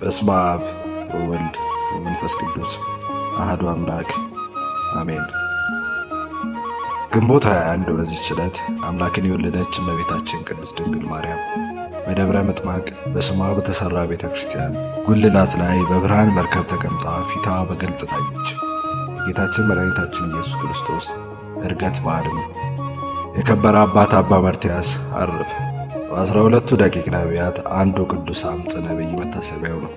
በስመ አብ ወወልድ ወመንፈስ ቅዱስ አህዱ አምላክ አሜን። ግንቦት 21 በዚህ ችለት አምላክን የወለደች እመቤታችን ቅድስት ድንግል ማርያም በደብረ ምጥማቅ በስሟ በተሰራ ቤተ ክርስቲያን ጉልላት ላይ በብርሃን መርከብ ተቀምጣ ፊቷ በግልጥ ታየች። ጌታችን መድኃኒታችን ኢየሱስ ክርስቶስ እርገት በዓል የከበረ አባት አባ መርትያስ አረፈ። በአስራ ሁለቱ ደቂቅ ነቢያት አንዱ ቅዱስ አምጽ ነቢይ መታሰቢያው ነው።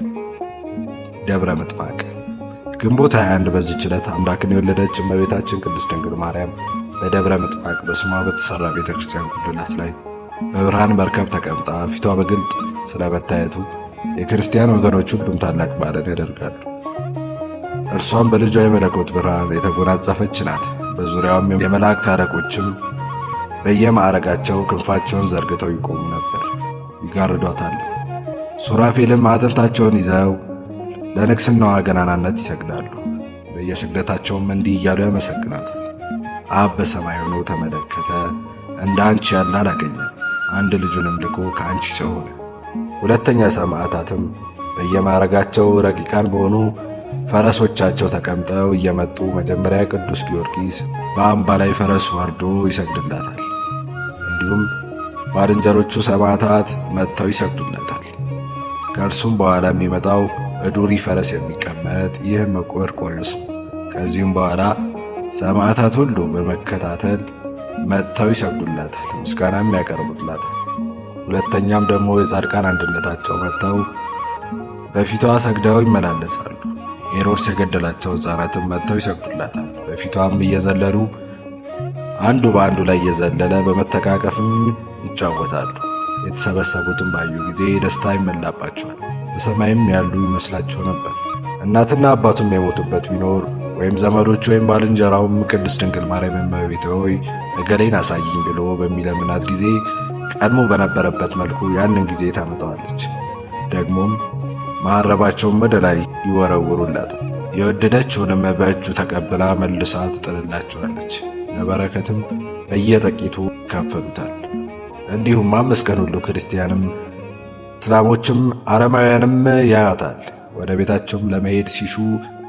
ደብረ ምጥማቅ ግንቦት 21 በዚች ዕለት አምላክን የወለደች እመቤታችን ቅድስት ድንግል ማርያም በደብረ ምጥማቅ በስሟ በተሰራ ቤተ ክርስቲያን ጉልላት ላይ በብርሃን መርከብ ተቀምጣ ፊቷ በግልጥ ስለመታየቱ የክርስቲያን ወገኖች ሁሉም ታላቅ ባለን ያደርጋሉ። እርሷም በልጇ የመለኮት ብርሃን የተጎናጸፈች ናት። በዙሪያውም የመላእክት አለቆችም በየማዕረጋቸው ክንፋቸውን ዘርግተው ይቆሙ ነበር፣ ይጋርዷታል። ሱራፌልም አጥንታቸውን ይዘው ለንግሥናዋ ገናናነት ይሰግዳሉ። በየስግደታቸውም እንዲህ እያሉ ያመሰግናታል። አብ በሰማይ ሆኖ ተመለከተ፣ እንደ አንቺ ያለ አላገኘም። አንድ ልጁንም ልኮ ከአንቺ ሰው ሆነ። ሁለተኛ ሰማዕታትም በየማዕረጋቸው ረቂቃን በሆኑ ፈረሶቻቸው ተቀምጠው እየመጡ መጀመሪያ ቅዱስ ጊዮርጊስ በአምባ ላይ ፈረስ ወርዶ ይሰግድላታል። እንዲሁም ባልንጀሮቹ ሰማዕታት መጥተው ይሰግዱለታል። ከእርሱም በኋላ የሚመጣው በዱሪ ፈረስ የሚቀመጥ ይህ መርቆሬዎስ ነው። ከዚሁም በኋላ ሰማዕታት ሁሉ በመከታተል መጥተው ይሰግዱለታል፣ ምስጋናም ያቀርቡላታል። ሁለተኛም ደግሞ የጻድቃን አንድነታቸው መጥተው በፊቷ ሰግደው ይመላለሳሉ። ሄሮድስ የገደላቸው ሕፃናትም መጥተው ይሰግዱላታል። በፊቷም እየዘለሉ አንዱ በአንዱ ላይ እየዘለለ በመተቃቀፍም ይጫወታሉ። የተሰበሰቡትም ባዩ ጊዜ ደስታ ይመላባቸዋል። በሰማይም ያሉ ይመስላቸው ነበር። እናትና አባቱም የሞቱበት ቢኖር ወይም ዘመዶች ወይም ባልንጀራውም ቅድስት ድንግል ማርያም እመቤቴ ሆይ እገሌን አሳይኝ ብሎ በሚለምናት ጊዜ ቀድሞ በነበረበት መልኩ ያንን ጊዜ ታመጣዋለች። ደግሞም መሐረባቸውን ወደ ላይ ይወረውሩላት፣ የወደደችውንም በእጁ ተቀብላ መልሳ ትጥልላቸዋለች። በረከትም በየጥቂቱ ይካፈሉታል። እንዲሁም አምስት ቀን ሁሉ ክርስቲያንም እስላሞችም አረማውያንም ያያታል። ወደ ቤታቸውም ለመሄድ ሲሹ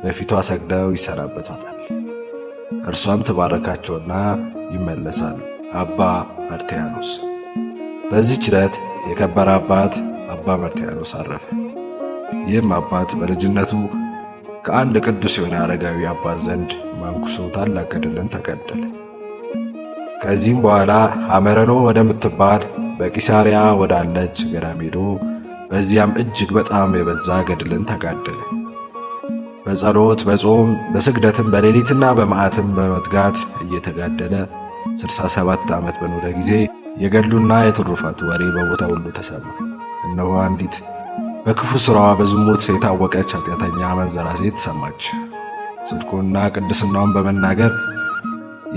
በፊቷ ሰግደው ይሰናበቷታል። እርሷም ትባረካቸውና ይመለሳል። አባ መርትያኖስ። በዚህ ችለት የከበረ አባት አባ መርትያኖስ አረፈ። ይህም አባት በልጅነቱ ከአንድ ቅዱስ የሆነ አረጋዊ አባት ዘንድ ማንኩሶ ታላቅ ገድልን ተቀደለ። ከዚህም በኋላ ሐመረኖ ወደምትባል በቂሳሪያ ወዳለች ገዳም ሄዶ በዚያም እጅግ በጣም የበዛ ገድልን ተጋደለ። በጸሎት በጾም በስግደትም በሌሊትና በመዓትም በመትጋት እየተጋደለ 67 ዓመት በኖረ ጊዜ የገድሉና የትሩፋቱ ወሬ በቦታ ሁሉ ተሰማ። እነሆ አንዲት በክፉ ሥራዋ በዝሙት የታወቀች ኃጢአተኛ መንዘራ ሴት ሰማች። ጽድቁና ቅድስናውን በመናገር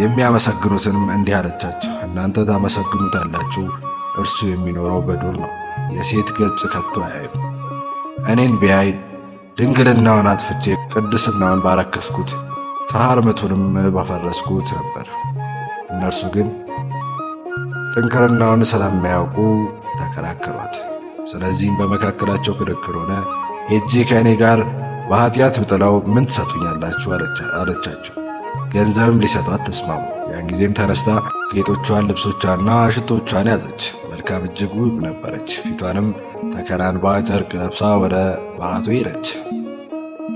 የሚያመሰግኑትንም እንዲህ አለቻቸው፣ እናንተ ታመሰግኑታላችሁ፣ እርሱ የሚኖረው በዱር ነው፣ የሴት ገጽ ከቶ አያይም። እኔን ቢያይ ድንግልናውን አጥፍቼ ቅድስናውን ባረከስኩት ተሃርምቱንም ባፈረስኩት ነበር። እነርሱ ግን ጥንክርናውን ስለማያውቁ ተከራከሯት። ስለዚህም በመካከላቸው ክርክር ሆነ። ሄጄ ከእኔ ጋር በኃጢአት ብጥለው ምን ትሰጡኛላችሁ? አለቻቸው። ገንዘብም ሊሰጧት ተስማሙ። ያን ጊዜም ተነስታ ጌጦቿን፣ ልብሶቿና ሽቶቿን ያዘች። መልካም እጅግ ውብ ነበረች። ፊቷንም ተከናንባ ጨርቅ ለብሳ ወደ ባህቱ ሄደች።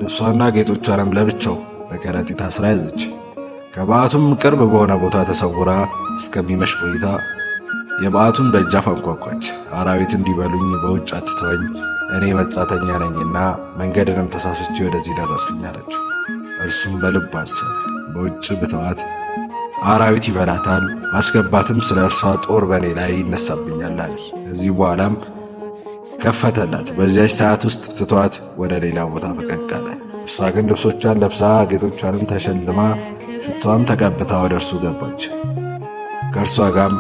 ልብሷና ጌጦቿንም ለብቻው በከረጢት አስራ ያዘች። ከበዓቱም ቅርብ በሆነ ቦታ ተሰውራ እስከሚመሽ ቆይታ የበዓቱን ደጃፍ አንኳኳች። አራዊት እንዲበሉኝ በውጭ አትተወኝ፣ እኔ መጻተኛ ነኝና መንገድንም ተሳስቼ ወደዚህ ደረስኩኝ አለችው። እርሱም በልብ አሰብ በውጭ ብተዋት አራዊት ይበላታል፣ ማስገባትም ስለ እርሷ ጦር በእኔ ላይ ይነሳብኛል አለ። ከዚህ በኋላም ከፈተላት። በዚያች ሰዓት ውስጥ ትቷት ወደ ሌላ ቦታ ፈቀቅ አለ። እሷ ግን ልብሶቿን ለብሳ ጌጦቿንም ተሸልማ ሽቷም ተቀብታ ወደ እርሱ ገባች። ከእርሷ ጋም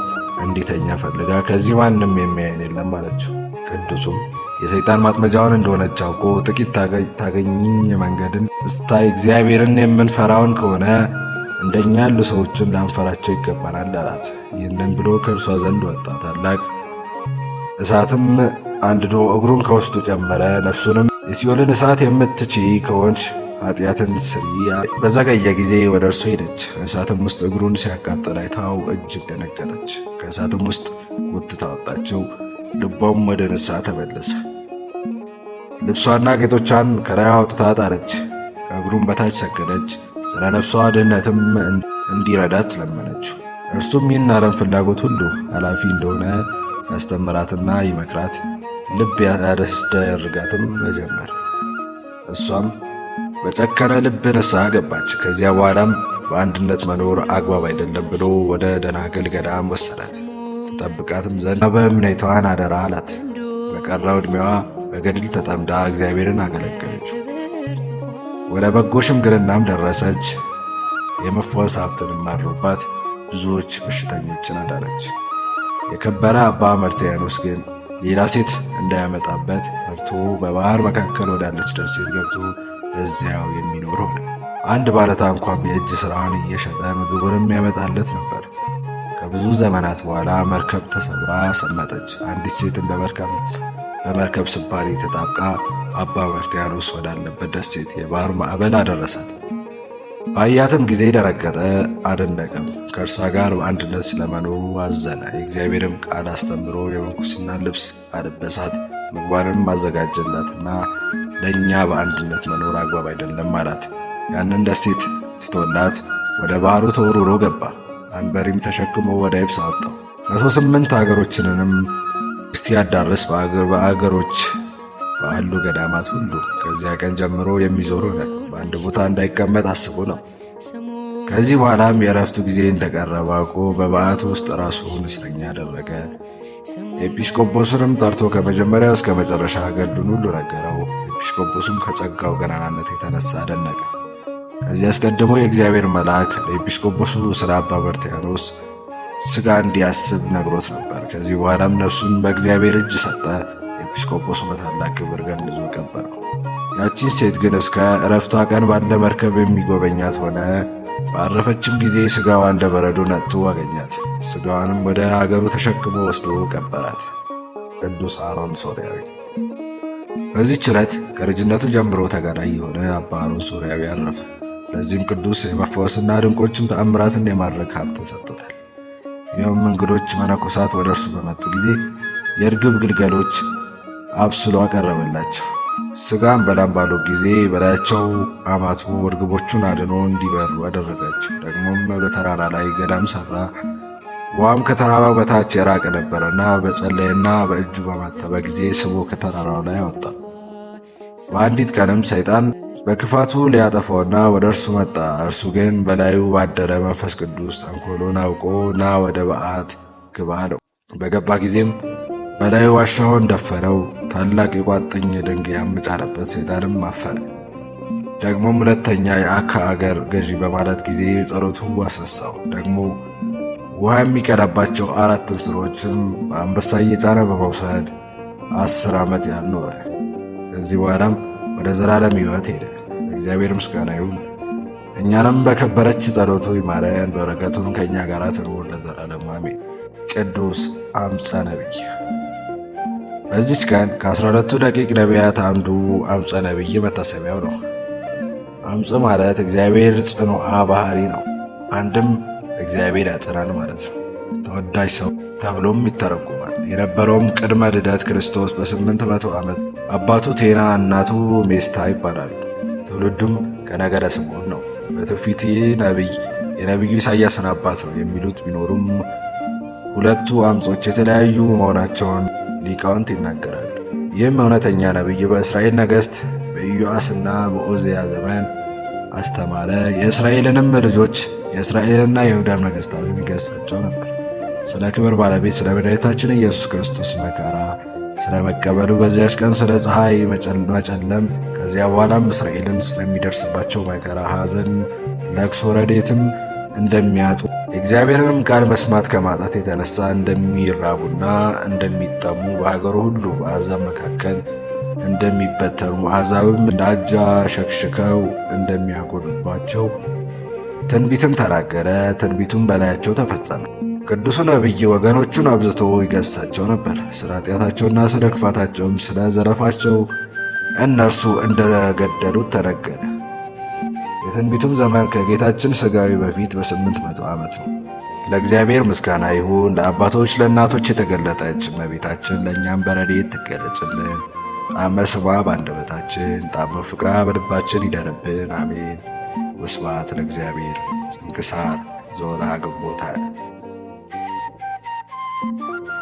እንዲተኛ ፈልጋ ከዚህ ማንም የሚያየን የለም አለችው። ቅዱሱም የሰይጣን ማጥመጃውን እንደሆነች አውቆ ጥቂት ታገኝኝ መንገድን እስታይ እግዚአብሔርን የምንፈራውን ከሆነ እንደኛ ያሉ ሰዎችን ላንፈራቸው ይገባናል አላት። ይህንን ብሎ ከእርሷ ዘንድ ወጣ። ታላቅ እሳትም አንድዶ እግሩን ከውስጡ ጨመረ። ነፍሱንም የሲኦልን እሳት የምትች ከሆንች ኃጢአትን ስሪ። በዘገየ ጊዜ ወደ እርሱ ሄደች። እሳትም ውስጥ እግሩን ሲያቃጠል አይታው እጅግ ደነገጠች። ከእሳትም ውስጥ ጎትታ አወጣችው። ልቧም ወደ ንስሐ ተመለሰ። ልብሷና ጌጦቿን ከላይ አውጥታ ጣለች። እግሩን በታች ሰገደች። ስለ ነፍሷ ድህነትም እንዲረዳት ለመነችው። እርሱም ይህን ዓለም ፍላጎት ሁሉ ኃላፊ እንደሆነ ያስተምራትና ይመክራት ልብ ያደስደርጋትም መጀመር። እሷም በጨከነ ልብ ንስሐ ገባች። ከዚያ በኋላም በአንድነት መኖር አግባብ አይደለም ብሎ ወደ ደናግል ገዳም ወሰዳት። ጠብቃትም ዘንድ በእምነቷን አደራ አላት። በቀረው ዕድሜዋ በገድል ተጠምዳ እግዚአብሔርን አገለገለች። ወደ በጎ ሽምግልናም ደረሰች። የመፈወስ ሀብትንም አድሮባት ብዙዎች በሽተኞችን አዳነች። የከበረ አባ መርትያኖስ ግን ሌላ ሴት እንዳያመጣበት ፈርቶ በባህር መካከል ወዳለች ደሴት ገብቶ በዚያው የሚኖር ሆነ። አንድ እንኳም የእጅ ሥራውን እየሸጠ ምግቡንም ያመጣለት ነበር። ከብዙ ዘመናት በኋላ መርከብ ተሰብራ ሰመጠች። አንዲት ሴትን በመርከብ ስባሪ ተጣብቃ አባ መርትያኖስ ወዳለበት ደሴት የባህር ማዕበል አደረሳት። ባያትም ጊዜ ደረገጠ አደነቀም። ከእርሷ ጋር በአንድነት ስለመኖሩ አዘነ። የእግዚአብሔርም ቃል አስተምሮ የመንኩስና ልብስ አለበሳት፣ ምግቧንም አዘጋጀላትና ለእኛ በአንድነት መኖር አግባብ አይደለም አላት። ያንን ደሴት ትቶላት ወደ ባህሩ ተወርውሮ ገባ። አንበሪም ተሸክሞ ወደ የብስ አወጣው። መቶ ስምንት አገሮችንንም እስኪያዳርስ በአገሮች ባሉ ገዳማት ሁሉ ከዚያ ቀን ጀምሮ የሚዞሩ ነው። በአንድ ቦታ እንዳይቀመጥ አስቡ ነው። ከዚህ በኋላም የእረፍቱ ጊዜ እንደቀረበ አውቆ በበዓት ውስጥ ራሱን እስረኛ አደረገ። ኤጲስቆጶስንም ጠርቶ ከመጀመሪያው እስከ መጨረሻ ገድሉን ሁሉ ነገረው። ኤጲስቆጶስም ከጸጋው ገናናነት የተነሳ አደነቀ። ከዚህ አስቀድሞ የእግዚአብሔር መልአክ ለኤጲስቆጶሱ ስራ አባ በርትያኖስ ስጋ እንዲያስብ ነግሮት ነበር። ከዚህ በኋላም ነፍሱን በእግዚአብሔር እጅ ሰጠ። ኤጲስቆጶሱ በታላቅ ክብር ገንዞ ቀበረው። ያቺን ሴት ግን እስከ እረፍቷ ቀን ባለ መርከብ የሚጎበኛት ሆነ። ባረፈችም ጊዜ ስጋዋ እንደ በረዶ ነጥቶ አገኛት። ስጋዋንም ወደ አገሩ ተሸክሞ ወስዶ ቀበራት። ቅዱስ አሮን ሶርያዊ። በዚህ ዕለት ከልጅነቱ ጀምሮ ተጋዳይ የሆነ አባ አሮን ሶርያዊ አረፈ። ለዚህም ቅዱስ የመፈወስና ድንቆችም ተአምራትን የማድረግ ሀብት ሰጥቶታል። ይኸውም እንግዶች መነኮሳት ወደ እርሱ በመጡ ጊዜ የእርግብ ግልገሎች አብስሎ አቀረበላቸው። ስጋም በላም ባሉ ጊዜ በላያቸው አማትቦ እርግቦቹን አድኖ እንዲበሩ አደረጋቸው። ደግሞም በተራራ ላይ ገዳም ሰራ ውሃም ከተራራው በታች የራቀ ነበረና በጸለየና በእጁ በማተበ ጊዜ ስቦ ከተራራው ላይ አወጣ። በአንዲት ቀንም ሰይጣን በክፋቱ ሊያጠፋውና ወደ እርሱ መጣ። እርሱ ግን በላዩ ባደረ መንፈስ ቅዱስ ተንኮሉን አውቆ ና ወደ በዓት ግባ አለው። በገባ ጊዜም በላዩ ዋሻውን ደፈረው፣ ታላቅ የቋጥኝ ድንጋይ አመጫረበት። ሰይጣንም አፈረ። ደግሞም ሁለተኛ የአካ አገር ገዢ በማለት ጊዜ ጸሎቱ አስነሳው። ደግሞ ውሃ የሚቀዳባቸው አራት ንስሮችም አንበሳ እየጫነ በመውሰድ አስር ዓመት ያልኖረ ከዚህ በኋላም ወደ ዘላለም ሕይወት ሄደ። እግዚአብሔር ምስጋና ይሁን። እኛንም በከበረች ጸሎቱ ይማረን፣ በረከቱን ከእኛ ጋር ትኑር ለዘላለም አሜን። ቅዱስ አምፀ ነቢይ። በዚች ቀን ከ12ቱ ደቂቅ ነቢያት አንዱ አምፀ ነቢይ መታሰቢያው ነው። አምፅ ማለት እግዚአብሔር ጽኑዓ ባህሪ ነው። አንድም እግዚአብሔር ያጽናን ማለት ነው። ተወዳጅ ሰው ተብሎም ይተረጉማል። የነበረውም ቅድመ ልደት ክርስቶስ በስምንት መቶ ዓመት አባቱ ቴና እናቱ ሜስታ ይባላሉ። ትውልዱም ከነገደ ስምዖን ነው። በትውፊት ይህ ነቢይ የነቢዩ ኢሳያስን አባት ነው የሚሉት ቢኖሩም ሁለቱ አምጾች የተለያዩ መሆናቸውን ሊቃውንት ይናገራል። ይህም እውነተኛ ነቢይ በእስራኤል ነገሥት በኢዮአስና በኦዝያ ዘመን አስተማረ። የእስራኤልንም ልጆች የእስራኤልንና የይሁዳም ነገሥታትን ይገሥጻቸው ነበር። ስለ ክብር ባለቤት ስለ መድኃኒታችን ኢየሱስ ክርስቶስ መከራ ስለ መቀበሉ በዚያች ቀን ስለ ፀሐይ መጨለም ከዚያ በኋላም እስራኤልን ስለሚደርስባቸው መከራ፣ ሐዘን፣ ለቅሶ ረዴትም እንደሚያጡ የእግዚአብሔርንም ቃል መስማት ከማጣት የተነሳ እንደሚራቡና እንደሚጠሙ በሀገሩ ሁሉ በአሕዛብ መካከል እንደሚበተኑ አሕዛብም እንደ አጃ ሸክሽከው እንደሚያጎሉባቸው ትንቢትን ተናገረ። ትንቢቱም በላያቸው ተፈጸመ። ቅዱሱ ነቢይ ወገኖቹን አብዝቶ ይገሳቸው ነበር። ስለ ኃጢአታቸውና ስለ ክፋታቸውም ስለ ዘረፋቸው እነርሱ እንደገደሉት ተነገረ። የትንቢቱም ዘመን ከጌታችን ሥጋዊ በፊት በስምንት መቶ ዓመት ነው። ለእግዚአብሔር ምስጋና ይሁን። ለአባቶች ለእናቶች የተገለጠች እመቤታችን ለእኛም በረድኤት ትገለጽልን። ጣመ ስባ በአንደበታችን፣ ጣመ ፍቅራ በልባችን ይደርብን። አሜን። ወስብሐት ለእግዚአብሔር። ስንክሳር ዞራ ግንቦት Thank you.